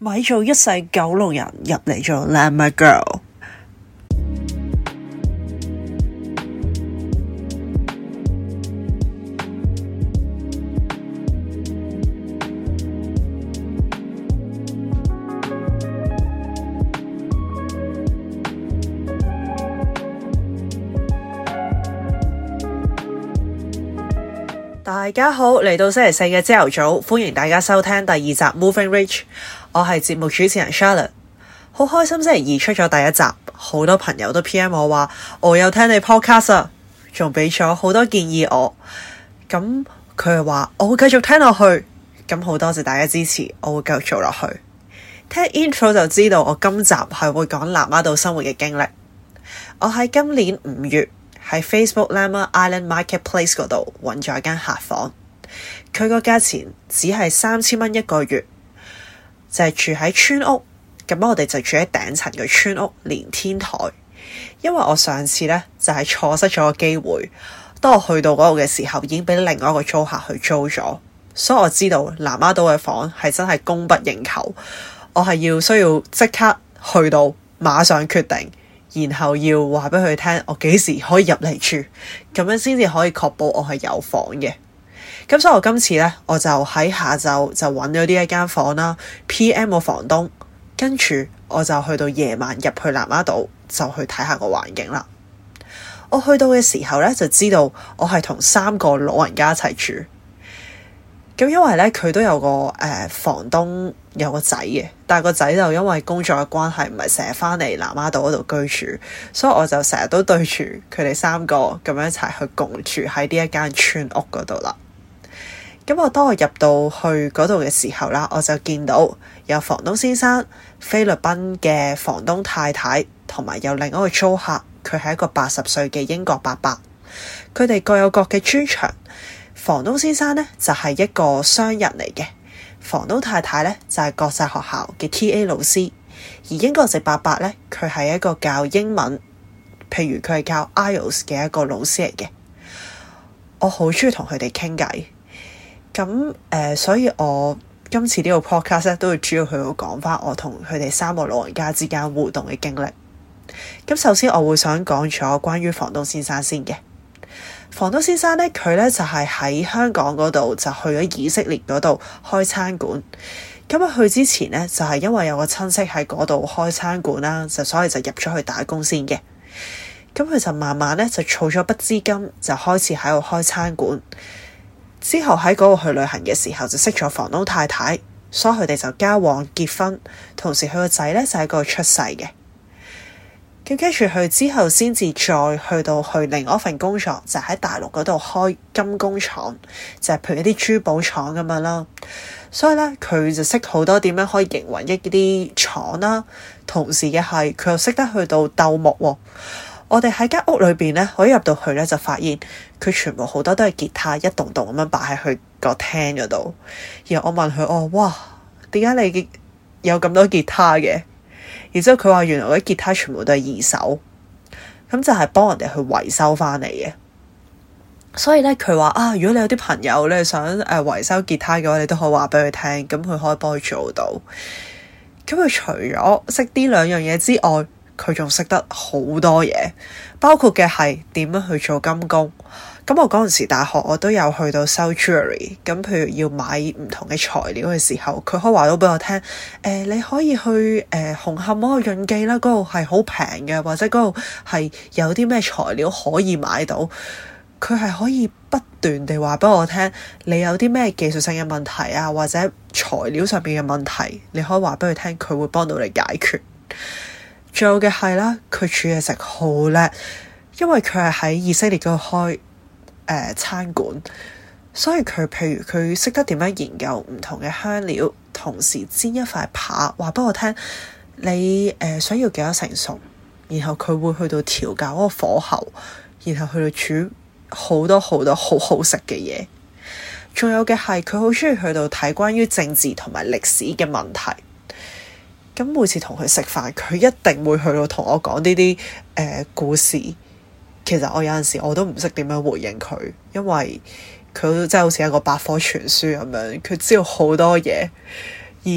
咪做一世九龍人，入嚟做 Lamma Girl。大家好，嚟到星期四嘅朝頭早，歡迎大家收聽第二集 Moving Reach。我係節目主持人 Charlotte，好開心星期二出咗第一集，好多朋友都 PM 我話我有聽你 podcast 啊，仲俾咗好多建議我。咁佢話我會繼續聽落去，咁好多謝大家支持，我會繼續做落去。聽 intro 就知道我今集係會講南丫島生活嘅經歷。我喺今年五月喺 Facebook Lamma Island Marketplace 嗰度揾咗一間客房，佢個價錢只係三千蚊一個月。就係住喺村屋，咁我哋就住喺頂層嘅村屋連天台。因為我上次呢，就係錯失咗個機會，當我去到嗰度嘅時候，已經畀另外一個租客去租咗，所以我知道南丫島嘅房係真係供不應求。我係要需要即刻去到，馬上決定，然後要話畀佢聽，我幾時可以入嚟住，咁樣先至可以確保我係有房嘅。咁所以，我今次咧，我就喺下晝就揾咗呢一間房啦。PM 個房東，跟住我就去到夜晚入去南丫島，就去睇下個環境啦。我去到嘅時候咧，就知道我係同三個老人家一齊住。咁因為咧，佢都有個誒、呃、房東有個仔嘅，但係個仔就因為工作嘅關係，唔係成日翻嚟南丫島嗰度居住，所以我就成日都對住佢哋三個咁樣一齊去共住喺呢一間村屋嗰度啦。咁我當我入到去嗰度嘅時候啦，我就見到有房東先生、菲律賓嘅房東太太，同埋有另一個租客，佢係一個八十歲嘅英國伯伯。佢哋各有各嘅專長。房東先生呢，就係一個商人嚟嘅，房東太太呢，就係國際學校嘅 T.A. 老師，而英國籍伯伯呢，佢係一個教英文，譬如佢係教 IELTS 嘅一個老師嚟嘅。我好中意同佢哋傾偈。咁誒、呃，所以我今次呢個 podcast 咧，都會主要去到講翻我同佢哋三個老人家之間互動嘅經歷。咁首先我會想講咗關於房東先生先嘅，房東先生呢，佢呢就係喺香港嗰度就去咗以色列嗰度開餐館。咁去之前呢，就係因為有個親戚喺嗰度開餐館啦，就所以就入咗去打工先嘅。咁佢就慢慢呢，就儲咗筆資金，就開始喺度開餐館。之後喺嗰度去旅行嘅時候就識咗房東太太，所以佢哋就交往結婚，同時佢個仔咧就喺嗰度出世嘅。跟住佢之後先至再去到去另一份工作，就喺、是、大陸嗰度開金工廠，就係、是、譬如一啲珠寶廠咁樣啦。所以咧佢就識好多點樣可以營運一啲廠啦，同時嘅係佢又識得去到鬥木屋、哦。我哋喺間屋裏邊咧，我入到去咧就發現佢全部好多都係吉他，一棟棟咁樣擺喺佢個廳嗰度。然後我問佢：哦，哇，點解你有咁多吉他嘅？然之後佢話：原來嗰啲吉他全部都係二手，咁就係幫人哋去維修翻嚟嘅。所以咧，佢話啊，如果你有啲朋友咧想誒、呃、維修吉他嘅話，你都可以話畀佢聽，咁佢可以幫佢做到。咁佢除咗識啲兩樣嘢之外。佢仲識得好多嘢，包括嘅係點樣去做金工。咁我嗰陣時大學我都有去到修 jewelry，咁譬如要買唔同嘅材料嘅時候，佢可以話到俾我聽，誒、呃，你可以去誒、呃、紅磡嗰個潤記啦，嗰度係好平嘅，或者嗰度係有啲咩材料可以買到。佢係可以不斷地話俾我聽，你有啲咩技術性嘅問題啊，或者材料上面嘅問題，你可以話俾佢聽，佢會幫到你解決。仲有嘅係啦，佢煮嘢食好叻，因為佢係喺以色列嗰度開誒、呃、餐館，所以佢譬如佢識得點樣研究唔同嘅香料，同時煎一塊扒，話畀我聽你誒、呃、想要幾多成熟，然後佢會去到調教嗰個火候，然後去到煮好多好多好好食嘅嘢。仲有嘅係佢好中意去到睇關於政治同埋歷史嘅問題。咁每次同佢食飯，佢一定會去到同我講呢啲誒故事。其實我有陣時我都唔識點樣回應佢，因為佢真係好似一個百科全書咁樣，佢知道好多嘢。而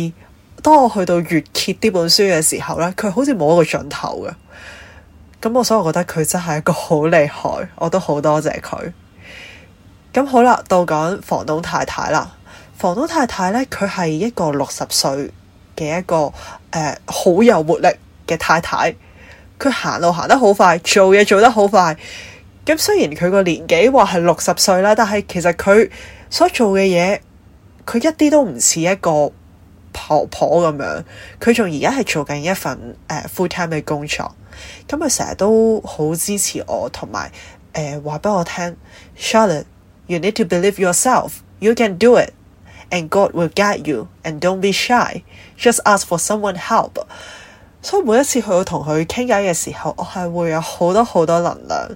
當我去到越揭呢本書嘅時候咧，佢好似冇一個盡頭嘅。咁我所以我覺得佢真係一個好厲害，我都好多謝佢。咁好啦，到講房東太太啦，房東太太咧，佢係一個六十歲嘅一個誒好、呃、有活力嘅太太，佢行路行得好快，做嘢做得好快。咁雖然佢個年紀話係六十歲啦，但係其實佢所做嘅嘢，佢一啲都唔似一個婆婆咁樣。佢仲而家係做緊一份誒、呃、full time 嘅工作，咁佢成日都好支持我，同埋誒話俾我聽。Charlotte，you need to believe yourself. You can do it. And God will get you, and don't be shy. Just ask for someone help. 所以每一次去到同佢傾偈嘅時候，我、哦、係會有好多好多能量。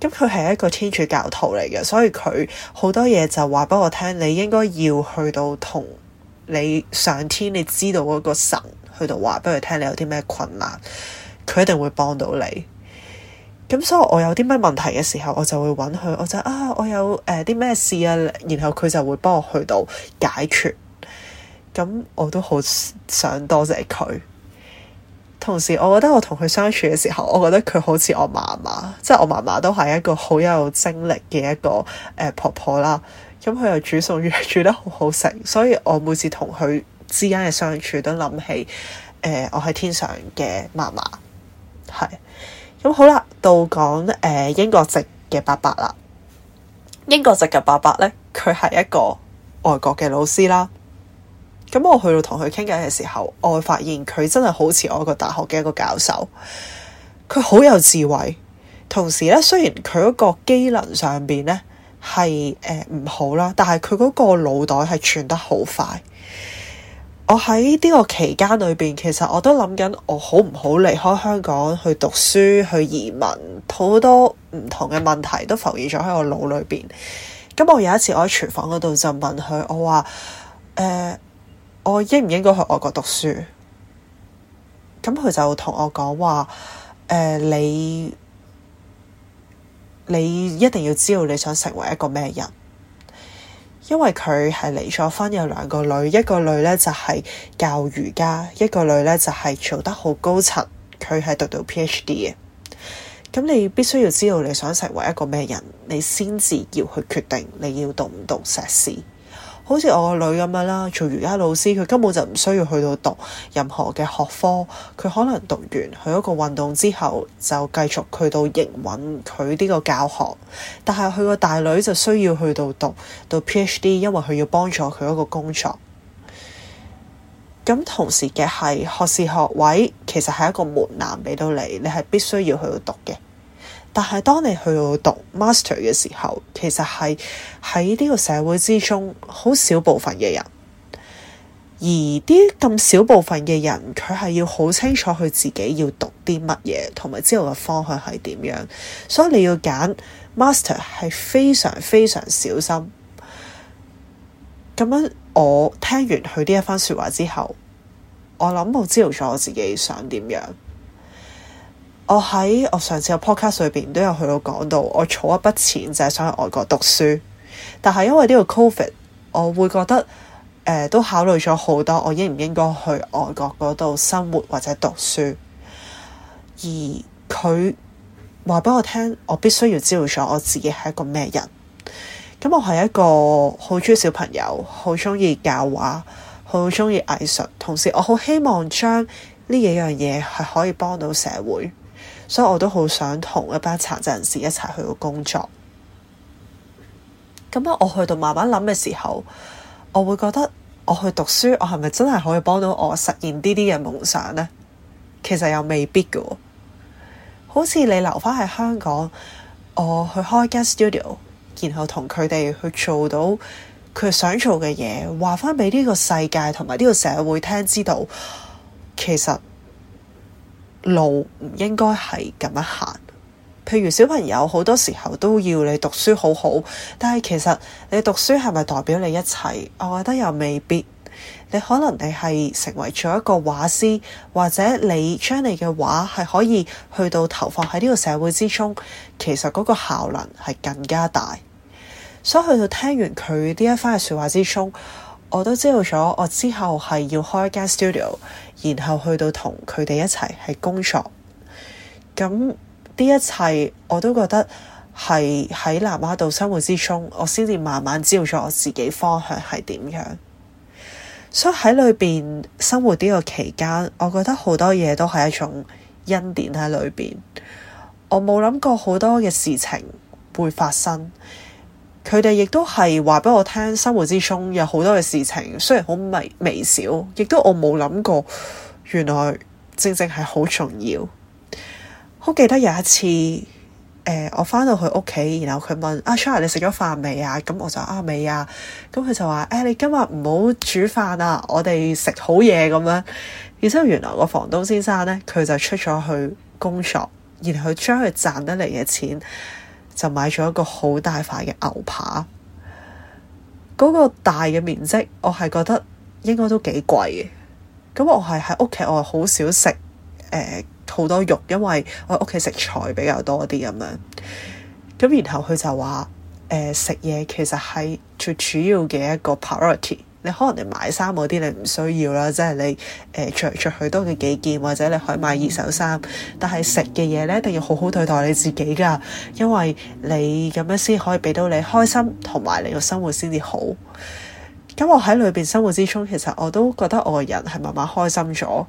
咁佢係一個天主教徒嚟嘅，所以佢好多嘢就話畀我聽。你應該要去到同你上天，你知道嗰個神去到話畀佢聽，你有啲咩困難，佢一定會幫到你。咁、嗯、所以，我有啲咩問題嘅時候，我就會揾佢，我就啊，我有誒啲咩事啊，然後佢就會幫我去到解決。咁、嗯、我都好想多謝佢。同時，我覺得我同佢相處嘅時候，我覺得佢好似我嫲嫲，即係我嫲嫲都係一個好有精力嘅一個誒、呃、婆婆啦。咁、嗯、佢又煮餸 煮得好好食，所以我每次同佢之間嘅相處都諗起誒、呃，我喺天上嘅嫲嫲係。咁好啦，到講誒英國籍嘅伯伯啦。英國籍嘅伯伯咧，佢係一個外國嘅老師啦。咁我去到同佢傾偈嘅時候，我會發現佢真係好似我一個大學嘅一個教授。佢好有智慧，同時咧，雖然佢嗰個機能上邊咧係誒唔好啦，但係佢嗰個腦袋係轉得好快。我喺呢個期間裏邊，其實我都諗緊，我好唔好離開香港去讀書去移民，好多唔同嘅問題都浮現咗喺我腦裏邊。咁、嗯、我有一次我喺廚房嗰度就問佢，我話：誒、呃，我應唔應該去外國讀書？咁、嗯、佢就同我講話：誒、呃，你你一定要知道你想成為一個咩人。因為佢係離咗婚，有兩個女，一個女呢就係教瑜伽，一個女呢就係做得好高層。佢係讀到 PhD 嘅，咁你必須要知道你想成為一個咩人，你先至要去決定你要讀唔讀碩士。好似我個女咁樣啦，做瑜伽老師，佢根本就唔需要去到讀任何嘅學科。佢可能讀完佢一個運動之後，就繼續去到營運佢呢個教學。但係佢個大女就需要去到讀到 PhD，因為佢要幫助佢一個工作。咁同時嘅係學士學位，其實係一個門檻畀到你，你係必須要去到讀嘅。但係當你去到讀 master 嘅時候，其實係喺呢個社會之中好少部分嘅人，而啲咁少部分嘅人，佢係要好清楚佢自己要讀啲乜嘢，同埋知道嘅方向係點樣，所以你要揀 master 係非常非常小心。咁樣我聽完佢呢一番說話之後，我諗我知道咗我自己想點樣。我喺我上次嘅 podcast 裏邊都有去到講到，我儲一筆錢就係想去外國讀書，但係因為呢個 covid，我會覺得誒、呃、都考慮咗好多，我應唔應該去外國嗰度生活或者讀書？而佢話畀我聽，我必須要知道咗我自己係一個咩人。咁我係一個好中意小朋友，好中意教畫，好中意藝術，同時我好希望將呢幾樣嘢係可以幫到社會。所以我都好想同一班殘疾人士一齊去到工作。咁啊，我去到慢慢諗嘅時候，我會覺得我去讀書，我係咪真係可以幫到我實現呢啲嘅夢想呢？其實又未必嘅。好似你留返喺香港，我去開間 studio，然後同佢哋去做到佢想做嘅嘢，話翻畀呢個世界同埋呢個社會聽知道，其實。路唔應該係咁樣行，譬如小朋友好多時候都要你讀書好好，但係其實你讀書係咪代表你一切？我覺得又未必，你可能你係成為咗一個畫師，或者你將你嘅畫係可以去到投放喺呢個社會之中，其實嗰個效能係更加大。所以去到聽完佢呢一番嘅說話之中。我都知道咗，我之後係要開一間 studio，然後去到同佢哋一齊係工作。咁呢一切我都覺得係喺南丫島生活之中，我先至慢慢知道咗我自己方向係點樣。所以喺裏邊生活呢個期間，我覺得好多嘢都係一種恩典喺裏邊。我冇諗過好多嘅事情會發生。佢哋亦都係話畀我聽，生活之中有好多嘅事情，雖然好微微小，亦都我冇諗過，原來正正係好重要。好記得有一次，誒、呃，我返到佢屋企，然後佢問：阿 Char 你食咗飯未啊？咁我就啊，未啊。咁佢就話：誒、哎，你今日唔好煮飯啊，我哋食好嘢咁樣。然後原來個房東先生咧，佢就出咗去工作，然後將佢賺得嚟嘅錢就買咗一個好大塊嘅牛扒，嗰個大嘅面積，我係覺得應該都幾貴嘅。咁我係喺屋企，我好少食誒好多肉，因為我屋企食菜比較多啲咁樣。咁然後佢就話：誒食嘢其實係最主要嘅一個 priority。你可能你買衫嗰啲，你唔需要啦，即係你誒着着佢多嘅幾件，或者你可以買二手衫。但係食嘅嘢咧，一定要好好對待你自己噶，因為你咁樣先可以俾到你開心，同埋你個生活先至好。咁我喺裏邊生活之中，其實我都覺得我個人係慢慢開心咗。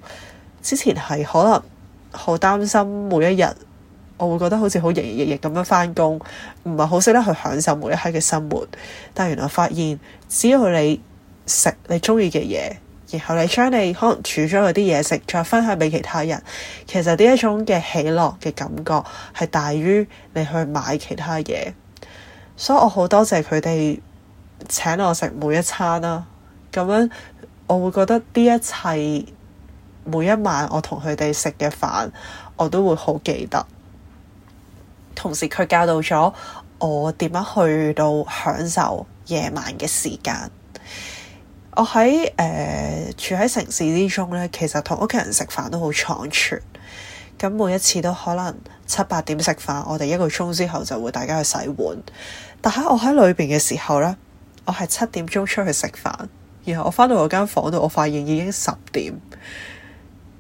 之前係可能好擔心每一日，我會覺得好似好營營役役咁樣返工，唔係好識得去享受每一刻嘅生活。但係原來發現，只要你。食你中意嘅嘢，然後你將你可能儲咗嗰啲嘢食，再分享畀其他人。其實呢一種嘅喜樂嘅感覺係大於你去買其他嘢。所以我好多謝佢哋請我食每一餐啦啊。咁樣我會覺得呢一切每一晚我同佢哋食嘅飯，我都會好記得。同時佢教導咗我點樣去到享受夜晚嘅時間。我喺誒、呃、住喺城市之中咧，其實同屋企人食飯都好倉促。咁每一次都可能七八點食飯，我哋一個鐘之後就會大家去洗碗。但係我喺裏邊嘅時候咧，我係七點鐘出去食飯，然後我翻到我間房度，我發現已經十點。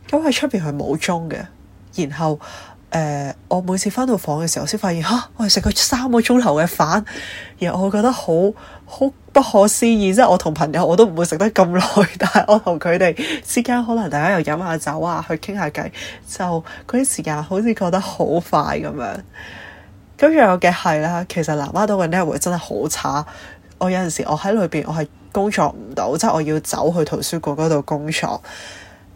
咁喺出邊係冇鐘嘅，然後誒、呃、我每次翻到房嘅時候，啊，我先發現嚇，我係食咗三個鐘頭嘅飯，然後我覺得好。好不可思議，即係我同朋友我都唔會食得咁耐，但係我同佢哋之間可能大家又飲下酒啊，去傾下偈，就嗰啲時間好似過得好快咁樣。咁又嘅係啦，其實南丫島嘅 network 真係好差。我有陣時我喺裏邊我係工作唔到，即係我要走去圖書館嗰度工作。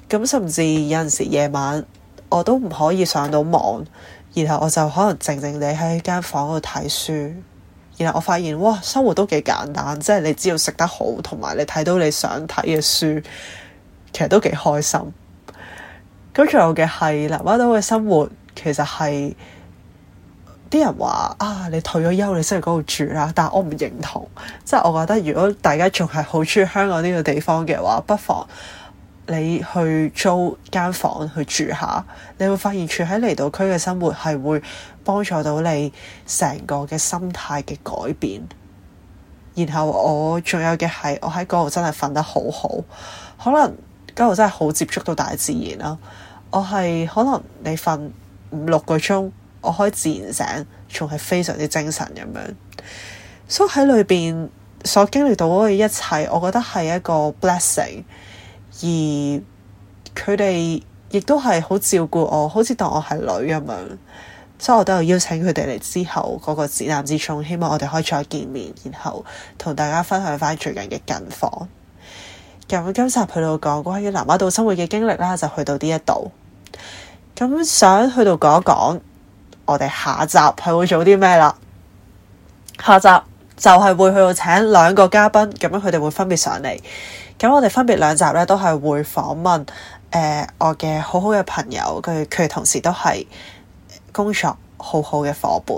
咁甚至有陣時夜晚我都唔可以上到網，然後我就可能靜靜地喺間房度睇書。然後我發現，哇，生活都幾簡單，即係你只要食得好，同埋你睇到你想睇嘅書，其實都幾開心。咁仲有嘅係啦，南丫島嘅生活其實係啲人話啊，你退咗休你先去嗰度住啦，但我唔認同。即係我覺得，如果大家仲係好中意香港呢個地方嘅話，不妨。你去租間房去住下，你會發現住喺離島區嘅生活係會幫助到你成個嘅心態嘅改變。然後我仲有嘅係，我喺嗰度真係瞓得好好，可能嗰度真係好接觸到大自然啦。我係可能你瞓五六個鐘，我可以自然醒，仲係非常之精神咁樣。所以喺裏面所經歷到嘅一切，我覺得係一個 blessing。而佢哋亦都係好照顧我，好似當我係女咁樣，所以我都有邀請佢哋嚟之後嗰、那個展覽之中，希望我哋可以再見面，然後同大家分享翻最近嘅近況。咁今集去到講關於南丫島生活嘅經歷啦，就去到呢一度。咁想去到講一講，我哋下集係會做啲咩啦？下集就係會去到請兩個嘉賓，咁樣佢哋會分別上嚟。咁我哋分別兩集咧，都係會訪問誒、呃、我嘅好好嘅朋友，佢佢同時都係工作好好嘅伙伴。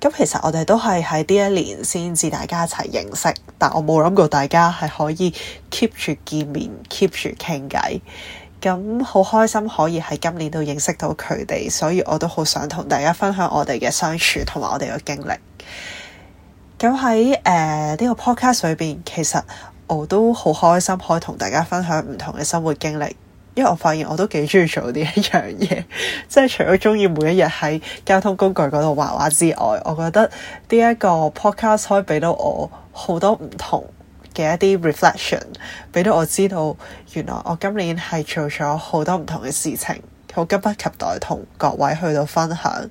咁其實我哋都係喺呢一年先至大家一齊認識，但我冇諗過大家係可以 keep 住見面，keep 住傾偈。咁好開心可以喺今年度認識到佢哋，所以我都好想同大家分享我哋嘅相處同埋我哋嘅經歷。咁喺誒呢個 podcast 裏邊，其實。我都好開心可以同大家分享唔同嘅生活經歷，因為我發現我都幾中意做呢一樣嘢， 即係除咗中意每一日喺交通工具嗰度畫畫之外，我覺得呢一個 podcast 可以畀到我好多唔同嘅一啲 reflection，畀到我知道原來我今年係做咗好多唔同嘅事情，好急不及待同各位去到分享。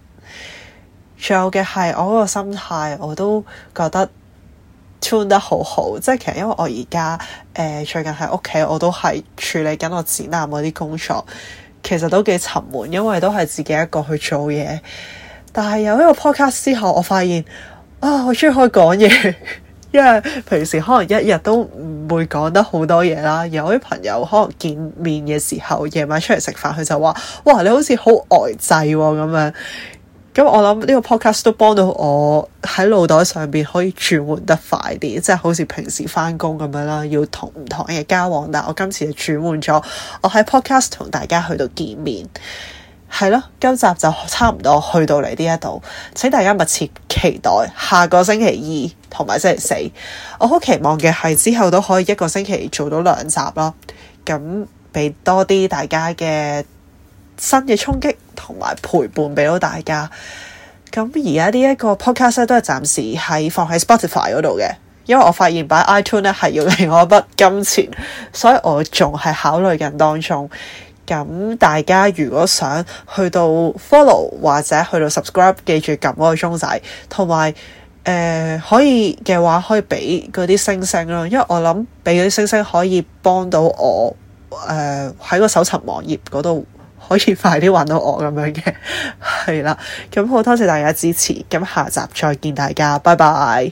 仲有嘅係我嗰個心態，我都覺得，調得好好，即係其實因為我而家誒最近喺屋企，我都係處理緊我展覽嗰啲工作，其實都幾沉悶，因為都係自己一個去做嘢。但係有呢個 podcast 之後，我發現啊，我中意可以講嘢，因為平時可能一日都唔會講得好多嘢啦。有啲朋友可能見面嘅時候，夜晚出嚟食飯，佢就話：哇，你好似好呆滯喎、哦、咁樣。咁我諗呢個 podcast 都幫到我喺腦袋上邊可以轉換得快啲，即係好似平時翻工咁樣啦，要同唔同人嘅交往。但我今次就轉換咗，我喺 podcast 同大家去到見面，係咯。今集就差唔多去到嚟呢一度，請大家密切期待下個星期二同埋星期四。我好期望嘅係，之後都可以一個星期做到兩集咯，咁俾多啲大家嘅。新嘅衝擊同埋陪伴俾到大家。咁而家呢一個 podcast 都係暫時係放喺 Spotify 嗰度嘅。因為我發現擺 iTunes 係要另外一筆金錢，所以我仲係考慮緊當中。咁大家如果想去到 follow 或者去到 subscribe，記住撳嗰個鐘仔，同埋誒可以嘅話可以俾嗰啲星星啦。因為我諗俾嗰啲星星可以幫到我誒喺、呃、個搜尋網頁嗰度。可以快啲揾到我咁樣嘅，係 啦，咁好多謝大家支持，咁下集再見大家，拜拜。